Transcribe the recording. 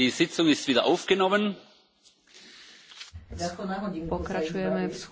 die sitzung ist wieder aufgenommen. Pokračujeme v